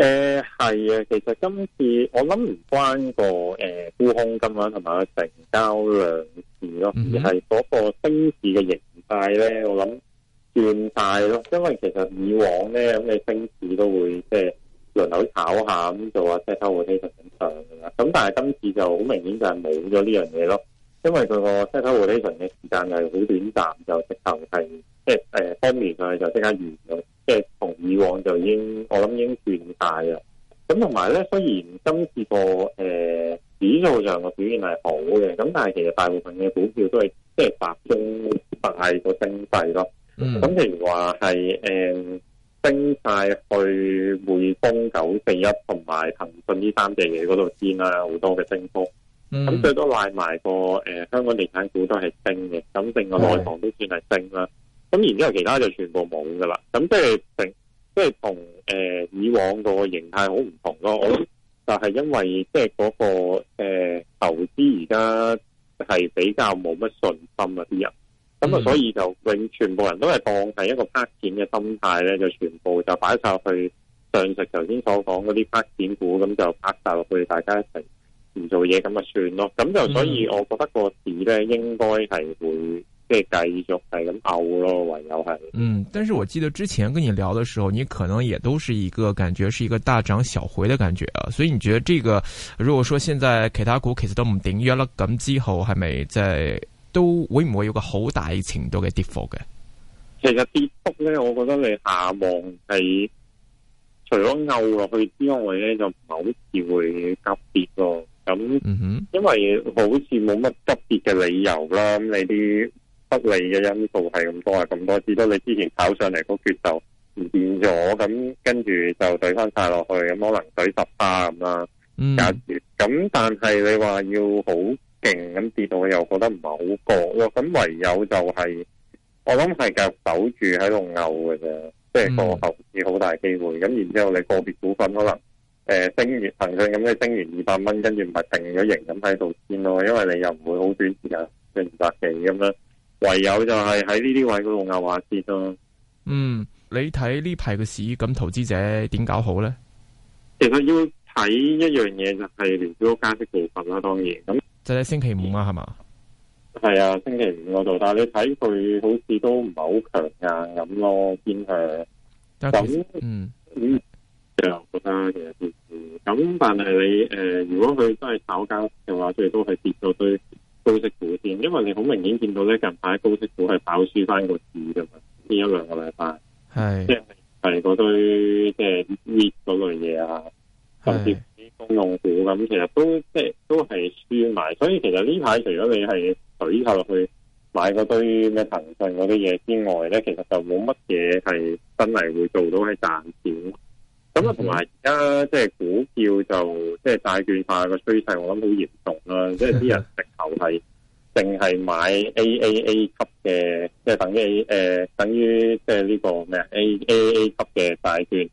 誒係啊，其實次想、呃、今次我諗唔關個誒沽空金額同埋成交量事咯，而係嗰個升市嘅形態咧，我諗轉大咯。因為其實以往咧，咁你升市都會即係輪流炒下咁做下 sector rotation 咁噶啦。咁但係今次就好明顯就係冇咗呢樣嘢咯，因為佢個 sector rotation 嘅時間係好短暫，就直頭係即係誒方面啊就即刻完咗。即係從以往就已經我諗已經斷晒啦，咁同埋咧，雖然今次個誒指數上嘅表現係好嘅，咁但係其實大部分嘅股票都係即係百分大個升勢咯。咁、嗯、譬如話係誒升晒去匯豐九四一同埋騰訊呢三隻嘢嗰度先啦、啊，好多嘅升幅。咁、嗯、最多賴埋個誒、呃、香港的地產股都係升嘅，咁剩個內房都算係升啦。嗯嗯咁然之後，其他就全部冇噶啦。咁即係成，即係同誒以往個形態好唔同咯。我諗就係因為即係嗰個、呃、投資而家係比較冇乜信心嗰啲人，咁啊，所以就永全部人都係當係一個拍錢嘅心態咧，就全部就擺曬去上述頭先所講嗰啲拍錢股，咁就拍晒落去，大家一齊唔做嘢咁啊算咯。咁就所以，我覺得個市咧應該係會。即係繼續係咁拗咯，唯有係。嗯，但是我記得之前跟你聊嘅時候，你可能也都是一個感覺，是一個大漲小回嘅感覺啊。所以你覺得呢、這個，如果說現在其他股其實都唔頂，癮啦，咁之後係咪在都會唔會有個好大程度嘅跌幅嘅？其實跌幅咧，我覺得你下望係除咗拗落去之外咧，就唔係好似會急跌咯。咁、嗯，因為好似冇乜特別嘅理由啦，咁你啲。不利嘅因素係咁多啊，咁多，至多你之前炒上嚟嗰橛就唔變咗，咁跟住就懟翻晒落去，咁可能懟十八咁啦，假設。咁、嗯、但係你話要好勁咁跌，到我又覺得唔係好過咯。咁唯有就係、是，我諗係繼續守住喺度拗嘅啫，即係個後市好大機會。咁然之後你個別股份可能，誒、呃、升,升完騰訊咁，你升完二百蚊，跟住唔係定咗型咁喺度先咯，因為你又唔會好短時間升百幾咁樣。唯有就係喺呢啲位度又話跌咯、啊。嗯，你睇呢排嘅市，咁投資者點搞好咧？其實要睇一樣嘢就係聯儲加息部分啦，當然咁就喺、是、星期五啊，係、嗯、嘛？係啊，星期五嗰度，但係你睇佢好似都唔係好強硬咁咯，變係咁嗯嗯，又、嗯、覺得其實跌市咁，但係你誒、呃，如果佢真係炒加息嘅話，佢都係跌咗堆。高息股先，因為你好明顯見到咧，近排高息股係跑輸翻個市噶嘛，呢一兩個禮拜，係即係嗰堆即係熱嗰類嘢啊，甚至啲公用股咁，其實都即係都係輸埋，所以其實呢排除咗你係懟投落去買嗰堆咩騰訊嗰啲嘢之外咧，其實就冇乜嘢係真係會做到係賺錢。咁啊，同埋而家即係股票就即係債券化個趨勢我諗好嚴重啦、啊。即係啲人直頭係淨係買 AAA 級嘅，即係等於誒、呃、等於即係呢個咩啊？AAA 級嘅債券。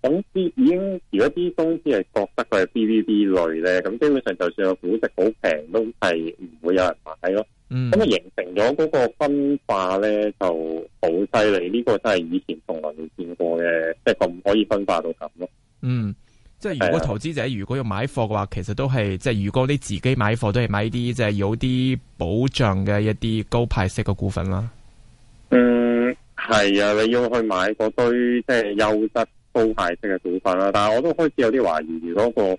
咁啲已經如果啲公司係覺得佢係 BBB 類咧，咁基本上就算個股值好平，都係唔會有人買咯。咁、嗯、啊，形成咗嗰個分化咧，就好犀利。呢個真係以前從來未見過嘅，即係唔可以分化到咁咯。嗯，即係如果投資者如果要買貨嘅話，其實都係即係如果你自己買貨，都係買啲即係有啲保障嘅一啲高派息嘅股份啦。嗯，係啊，你要去買嗰堆即係優質高派息嘅股份啦。但係我都開始有啲懷疑嗰個。如果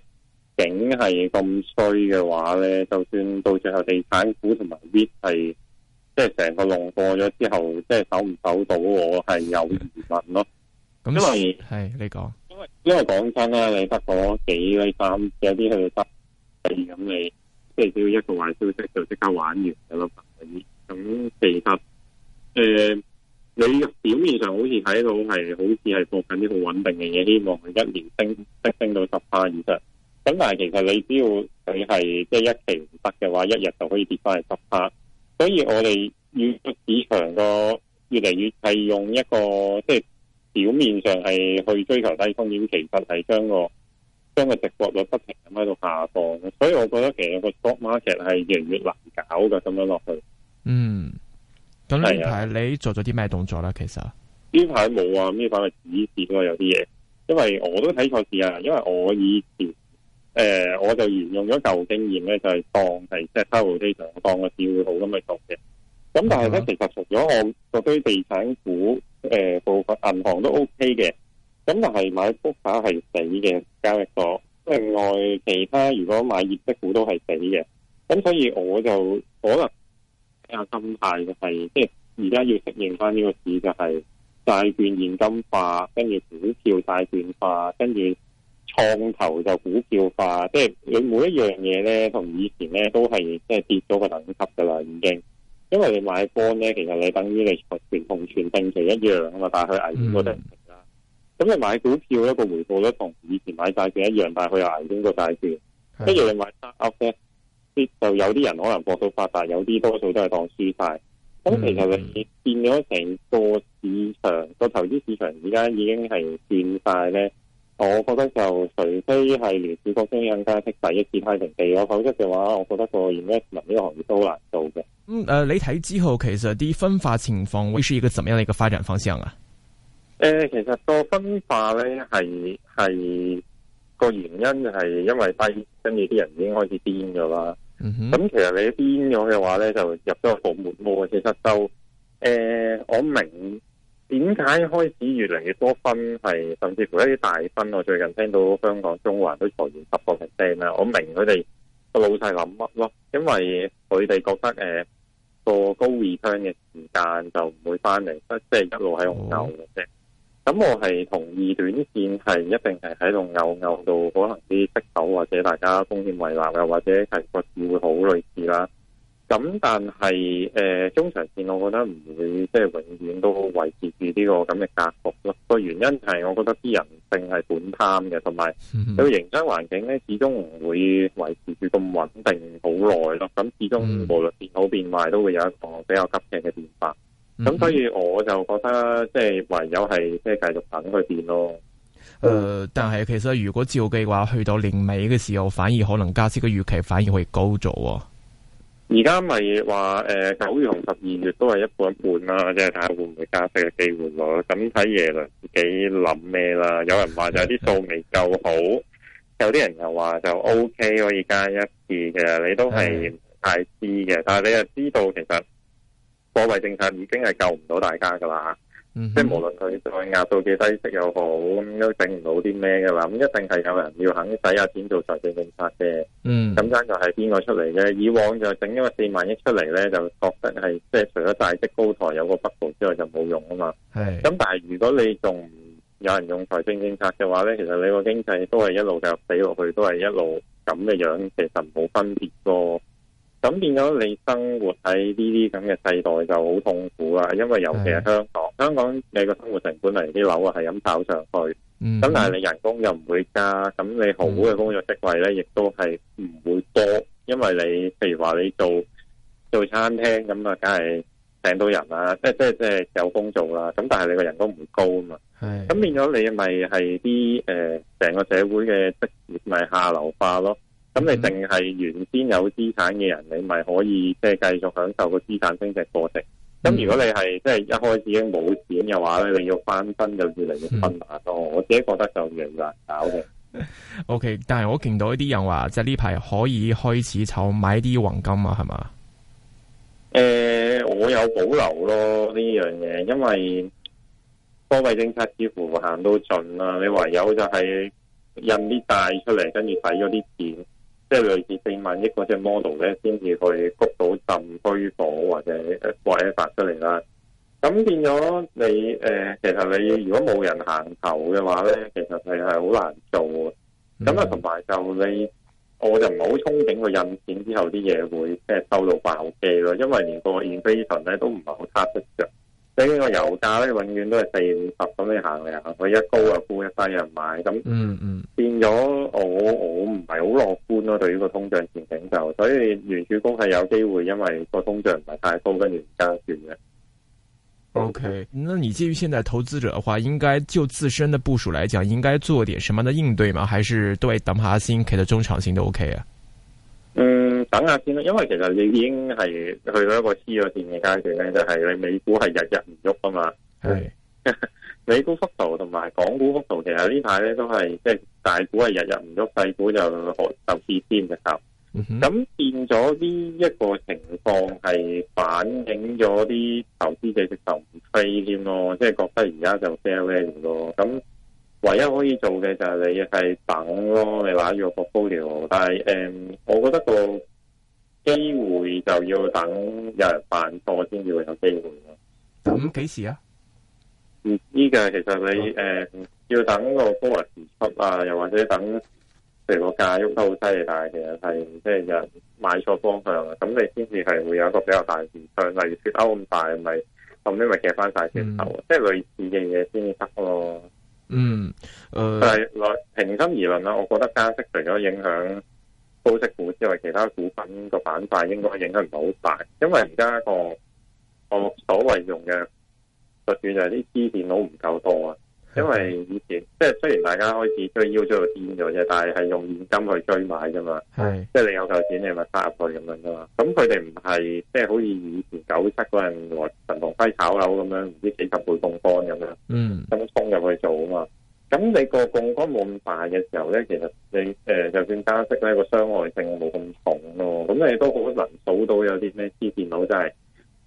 景係咁衰嘅話咧，就算到最後地產股同埋 V 係，即係成個浪過咗之後，即係守唔守到我係有疑問咯。咁 因為係 你講，因為因為講真啦，你得嗰幾位三，有啲佢得你，咁你即係只要一個壞消息就即刻玩完噶咯。咁其實誒、呃，你表面上好似睇到係，好似係做緊啲好穩定嘅嘢，希望佢一年升即升到十八以上。咁但係其實你只要佢係即係一期唔得嘅話，一日就可以跌翻去十 percent。所以我哋要個市場個越嚟越係用一個即係表面上係去追求低風險，其實係將個將個值博率不停咁喺度下降。所以我覺得其實這個 stock market 係越嚟越難搞嘅咁樣落去。嗯，咁呢排你做咗啲咩動作咧？其實呢排冇啊，咩反例指示啊，有啲嘢，因為我都睇錯市啊，因為我以前。誒、呃，我就沿用咗舊經驗咧，就係、是、當係即係收非常，當個市會好咁去做嘅。咁但係咧，其實除咗我嗰堆地產股誒部分銀行都 OK 嘅，咁但係買幅牌係死嘅交易所，另外其他如果買業績股都係死嘅。咁所以我就可能比較心態，就係即係而家要適應翻呢個市，就係債券現金化，跟住股票債券化，跟住。放頭就股票化，即係你每一樣嘢咧，同以前咧都係即係跌咗個等級㗎喇，已經。因為你買波咧，其實你等於你存同存定期一樣啊嘛，但係佢危險個定期啦。咁、嗯、你買股票一個回報咧同以前買債券一樣，但係佢有風險個債券。跟住你買殺 up 咧，就有啲人可能搏到發達，有啲多數都係當輸晒。咁、嗯、其實你變咗成個市場個投資市場，而家已經係變晒咧。我覺得就除非係連指國中央加息第一次派成地，否則嘅話，我覺得個 investment 呢個行業都好難做嘅。嗯誒、呃，你睇之後其實啲分化情況會是一個怎麼樣嘅一個發展方向啊？誒、呃，其實個分化咧係係個原因係因為低，跟住啲人已經開始癲噶啦。咁、嗯、其實你癲咗嘅話咧，就入咗泡沫，冇其實收。誒、呃，我明。點解開始越嚟越多分係，甚至乎一啲大分我最近聽到香港中環都裁員十 percent 啦。我明佢哋個老細諗乜咯，因為佢哋覺得誒、呃、個高二商嘅時間就唔會翻嚟，即、就、係、是、一路喺度拗嘅啫。咁我係同意短綫係一定係喺度拗，拗到可能啲息口，或者大家風險位難又或者係局勢會好類似啦。咁但係誒、呃，中長線我覺得唔會即係永遠都維持住呢個咁嘅格局咯。個原因係我覺得啲人性係本貪嘅，同埋佢個營商環境咧始終唔會維持住咁穩定好耐咯。咁始終無論變好變壞，都會有一個比較急劇嘅變化。咁、嗯、所以我就覺得即係唯有係即係繼續等佢變咯。誒、呃嗯，但係其實如果照計話，去到年尾嘅時候，反而可能加息嘅預期反而會高咗。而家咪話誒，九月同十二月都係一半一半啦，即係睇下會唔會加息嘅機會咯。咁睇耶倫自己諗咩啦？有人話就係啲數未夠好，有啲人又話就 OK 可以加一次嘅。你都係唔太知嘅，但係你又知道其實貨幣政策已經係救唔到大家噶啦。嗯，即係無論佢再壓到幾低息又好，都整唔到啲咩噶啦，咁一定係有人要肯使下錢做財政政策嘅。嗯，咁爭就係邊個出嚟嘅？以往就整一個四萬億出嚟咧，就覺得係即係除咗大隻高台有個北部之外就冇用啊嘛。係，咁但係如果你仲有人用財政政策嘅話咧，其實你個經濟都係一路入死落去，都係一路咁嘅樣，樣，其實冇分別過。咁變咗你生活喺呢啲咁嘅世代就好痛苦啦，因為尤其係香港，香港你個生活成本嚟啲樓啊係咁炒上去，咁、嗯、但係你人工又唔會加，咁你好嘅工作職位咧亦、嗯、都係唔會多，因為你譬如話你做做餐廳咁啊，梗係請到人啦，即係即係即係有工做啦，咁但係你個人工唔高啊嘛，咁變咗你咪係啲誒成個社會嘅職業咪、就是、下流化咯。咁、嗯、你淨係原先有資產嘅人，你咪可以即係繼續享受個資產升值過程。咁如果你係即係一開始已經冇錢嘅話咧，你要翻身就越嚟越困難咯。我自己覺得就越難搞嘅。O、okay, K，但係我見到一啲人話，即係呢排可以開始炒買啲黃金啊，係嘛？誒、欸，我有保留咯呢樣嘢，因為貨幣政策似乎行到盡啦，你唯有就係印啲帶出嚟，跟住使咗啲錢。即係類似四萬億嗰隻 model 咧，先至去谷到浸虛火，或者誒、或者發出嚟啦。咁變咗你誒、呃，其實你如果冇人行頭嘅話咧，其實係係好難做嘅。咁、嗯、啊，同埋就你，我就唔係好憧憬佢印錢之後啲嘢會即係收到爆機咯，因為連個 inflation 咧都唔係好卡得着。你、這、呢個油價咧，永遠都係四五十咁，你行嚟行去一高又沽，一低又買咁，嗯嗯，嗯，嗯，嗯，變咗我我唔係好樂觀咯、啊。對於個通脹前景就，所以聯儲局係有機會，因為個通脹唔係太高，跟住加轉嘅。O、okay, K，那你介於現在投資者的話，應該就自身的部署來講，應該做點什麼的應對嗎？還是對等下星期嘅的中長線都 O、okay、K 啊？等下先啦，因為其實你已經係去到一個黐咗線嘅階段咧，就係、是、你美股係日日唔喐啊嘛。係， 美股幅圖同埋港股幅圖，其實呢排咧都係即係大股係日日唔喐，細股就學就試先嘅咁。咁、嗯、變咗呢一個情況係反映咗啲投資者直頭唔飛添咯，即係覺得而家就 sell 咧咁咯。咁唯一可以做嘅就係你係等咯，你買要個高 u 但係誒、嗯，我覺得個。機會就要等有人犯錯先至會有機會咯。咁幾時啊？唔知嘅，其實你誒、嗯呃、要等個波來時出啊，又或者等譬如個價喐得好犀利，但係其實係即係有人買錯方向啊，咁你先至係會有一個比較大嘅時例如脫歐咁大，咪後尾咪夾翻大先頭啊，即、嗯、係、就是、類似嘅嘢先至得咯。嗯，誒、呃，但係來平心而論啦，我覺得加息除咗影響。高息股之外，其他股份個板塊應該影響唔係好大，因為而家個個所謂用嘅，就算有啲黐電腦唔夠多啊。因為以前即係雖然大家開始追腰追到癲咗啫，但係係用現金去追買㗎嘛。係，即係你有夠錢你咪揸入去咁樣噶嘛。咁佢哋唔係即係好似以前九七嗰人來神同輝炒樓咁樣，唔知幾十倍槓桿咁樣，嗯，咁衝入去做啊嘛。咁你個槓桿冇咁大嘅時候咧，其實你誒，就算加息咧，個傷害性冇咁重咯。咁你都好難數到有啲咩支電腦真係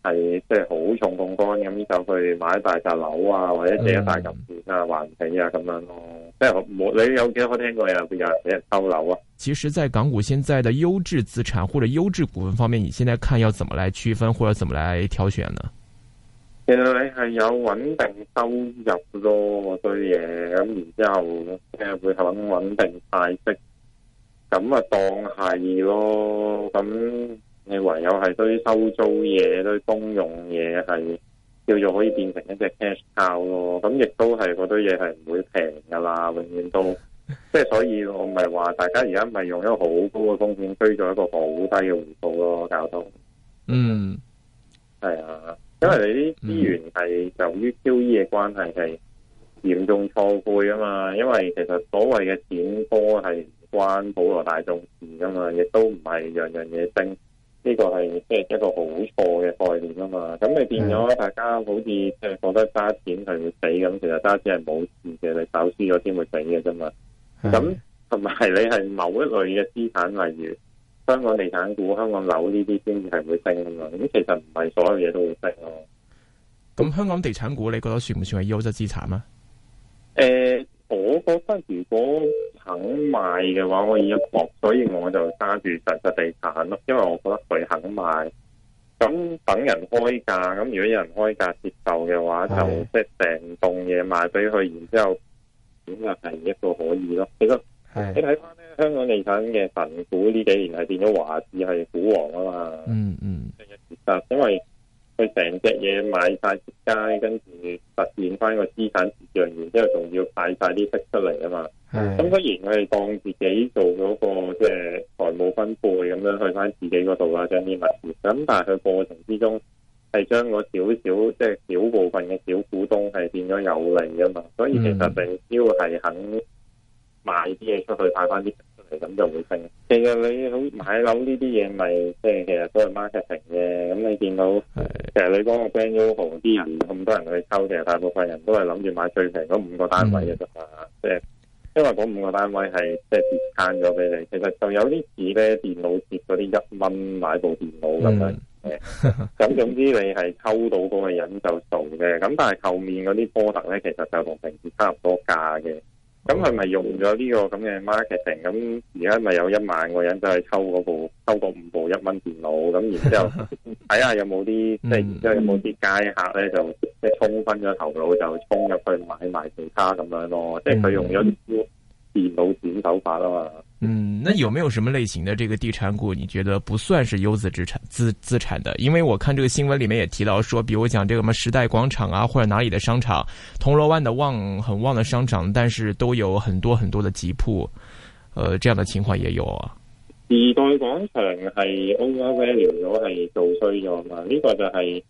係即係好重槓桿咁就去買一大紮樓啊，或者借一大嚿錢啊，嗯、還唔起啊咁樣咯。即係你有幾多個聽過呀？有人俾人收樓啊？其實，在港股現在的優質資產或者優質股份方面，你現在看要怎麼來區分或者怎麼來挑選呢？其實你係有穩定收入咯，嗰堆嘢，咁然之後咧會很穩定派息，咁啊當係咯，咁你唯有係堆收租嘢、堆公用嘢係叫做可以變成一隻 cash cow 咯，咁亦都係嗰堆嘢係唔會平噶啦，永遠都，即 係所以我咪話大家而家咪用一個好高嘅風險推咗一個好低嘅回報咯，搞到，嗯，係啊。因為你啲資源係由於 QE 嘅關係係嚴重錯配啊嘛，因為其實所謂嘅錢多係關普羅大眾事噶嘛，亦都唔係樣樣嘢升，呢個係即係一個好錯嘅概念啊嘛，咁你變咗大家好似即係覺得揸錢係會死，咁其實揸錢係冇事嘅，你手輸咗先會死嘅啫嘛，咁同埋你係某一類嘅資產，例如。香港地產股、香港樓呢啲先至係會升啊嘛，咁其實唔係所有嘢都會升咯。咁香港地產股你覺得算唔算係優質資產啊？誒、欸，我覺得如果肯賣嘅話，可以一搏，所以我就揸住實實地產咯。因為我覺得佢肯賣，咁等人開價，咁如果有人開價接受嘅話，的就即係成棟嘢賣俾佢，然之後咁就係一個可以咯。你個你睇翻。香港地產嘅神股呢幾年係變咗華置係股王啊嘛，嗯嗯，因為佢成隻嘢買晒街，跟住實現翻個資產轉讓然之後，仲要派晒啲息出嚟啊嘛，係，咁、嗯、雖然佢哋當自己做咗個即係財務分配咁樣去翻自己嗰度啦，將啲物業，咁但係佢過程之中係將個少少即係小部分嘅小股東係變咗有利噶嘛、嗯，所以其實整招係肯。買啲嘢出去派翻啲錢出嚟，咁就會升。其實你好買樓呢啲嘢，咪即係其實都係 marketing 嘅。咁你見到，其實你講個 brand YoHo 啲人咁多人去抽，其實大部分人都係諗住買最平嗰五個單位嘅啫嘛。即、嗯、係、就是、因為嗰五個單位係即係跌慳咗俾你。其實就有啲似咧，電腦接嗰啲一蚊買部電腦咁樣。咁、嗯就是嗯、 總之你係抽到嗰個人就做嘅。咁但係後面嗰啲波特咧，其實就同平時差唔多價嘅。咁佢咪用咗呢個咁嘅 marketing，咁而家咪有一萬個人都係抽嗰部，抽個五部一蚊電腦，咁然之後睇 下有冇啲，即係然之後有冇啲街客咧就即係沖昏咗頭腦就衝入去買埋其他咁樣咯，即係佢用咗啲電腦剪手法啊嘛。嗯，那有沒有什麼類型的這個地產股？你覺得不算是優質資產資資產的？因為我看這個新聞裏面也提到說，比如講這個什麼時代廣場啊，或者哪裏的商場，銅鑼灣的旺很旺的商場，但是都有很多很多的吉鋪，呃，這樣的情況也有啊。時代廣場係 overvalued，係做衰咗嘛？呢個就係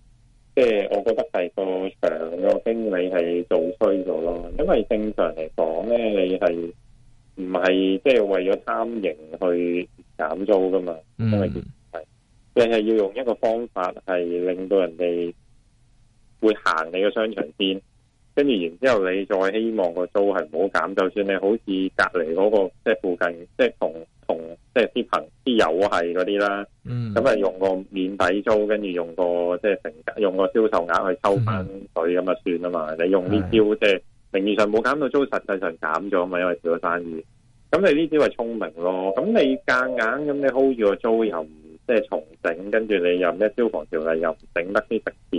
即係我覺得係個場個經理係做衰咗咯。因為正常嚟講咧，你係。唔係即係為咗貪盈去減租噶嘛，因為係，你、就、係、是、要用一個方法係令到人哋會行你個商場先，跟住然之後你再希望個租係唔好減，就算你好似隔籬嗰、那個即係、就是、附近，即、就是就是、係同同即係啲朋啲友係嗰啲啦，咁、嗯、啊用個免底租，跟住用個即係、就是、成用個銷售額去收翻佢。咁啊算啊嘛、嗯，你用啲招即係。是名義上冇減到租，實際上減咗嘛，因為少咗生意。咁你呢啲咪聰明咯，咁你夾硬咁你 hold 住個租又唔即係重整，跟住你又咩消防條例又唔整得啲食肆。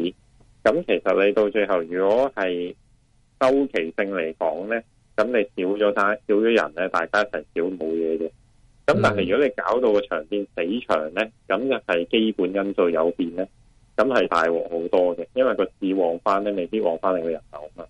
咁其實你到最後如果係周期性嚟講咧，咁你少咗單少咗人咧，大家一齊少冇嘢嘅。咁但係如果你搞到個場變死場咧，咁就係基本因素有變咧，咁係大鑊好多嘅，因為個市旺翻咧未必旺翻你個人口啊嘛。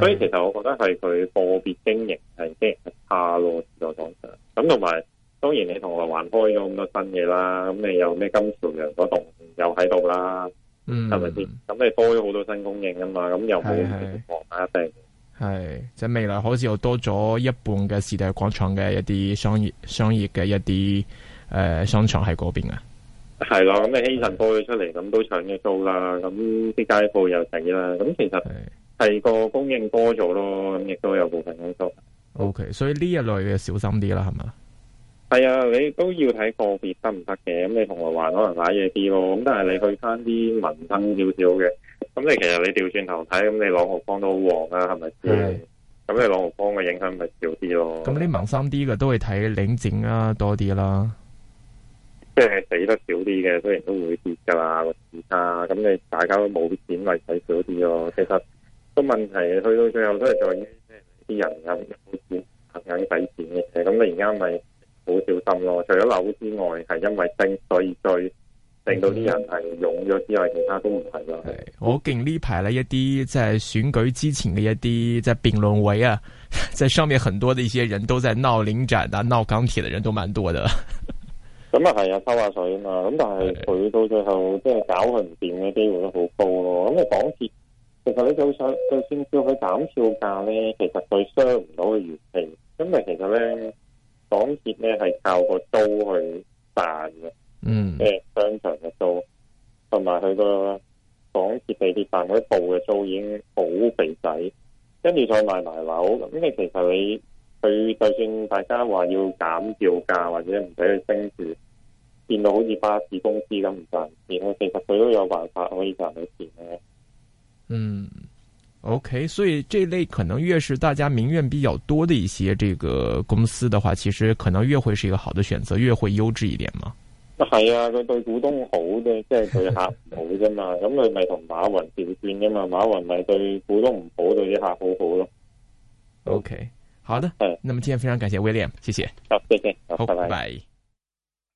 所以其實我覺得係佢個別經營係真係差咯時代廣場，咁同埋當然你同我還開咗咁多新嘢啦，咁你又咩金朝陽嗰棟又喺度啦，係咪先？咁你多咗好多新供應啊嘛，咁又冇唔少房啦，一定係即係未來好似又多咗一半嘅時代廣場嘅一啲商業商業嘅一啲誒、呃、商場喺嗰邊啊係咯，咁你希慎多咗出嚟，咁都搶咗租啦，咁啲街鋪又死啦，咁其實。係個供應多咗咯。咁亦都有部分因素。OK，所以呢一類嘅小心啲啦，係咪？係啊，你都要睇個別得唔得嘅。咁你銅鑼灣可能買嘢啲咯。咁但係你去翻啲民生少少嘅，咁你其實你調轉頭睇，咁你朗豪坊都好旺啊，係咪先？咁你朗豪坊嘅影響咪少啲咯？咁你民生啲嘅都會睇領展啊多啲啦，即係死得少啲嘅，雖然都會跌噶啦，個市差咁你大家都冇錢咪睇少啲咯。其實。個問題去到最後都係在於啲人有錢肯肯使錢嘅，咁你而家咪好小心咯。除咗樓之外，係因為升所以追，令到啲人係湧咗之外，其他都唔係咯。我見呢排咧一啲即係選舉之前嘅一啲即在評論圍啊，在上面很多嘅一些人都在鬧領展啊，鬧港鐵嘅人都蠻多嘅。咁啊係啊抽下水啊，咁但係佢到最後即係搞佢唔掂嘅機會都好高咯。哦。咁、那、啊、個、港鐵。其實你就算就算叫佢減票價咧，其實佢傷唔到佢預期。因為其實咧，港鐵咧係靠個租去賺嘅，嗯、mm. 呃，即係商場嘅租，同埋佢個港鐵地鐵站嗰啲舖嘅租已經好肥仔，跟住再賣埋樓。咁你其實你佢就算大家話要減票價或者唔使佢升住，變到好似巴士公司咁唔賺錢，其實佢都有辦法可以賺到錢嘅。嗯，OK，所以這類可能越是大家民怨比較多的一些這個公司的話，其實可能越會是一個好的選擇，越會優質一點嘛。係啊，佢對股東好啫，即係對客唔好啫嘛。咁佢咪同馬雲調轉啫嘛？馬雲咪對股東唔好，對啲客好好咯。OK，好的，係。那麼今天非常感謝 William，謝謝。好，再見，好，拜拜。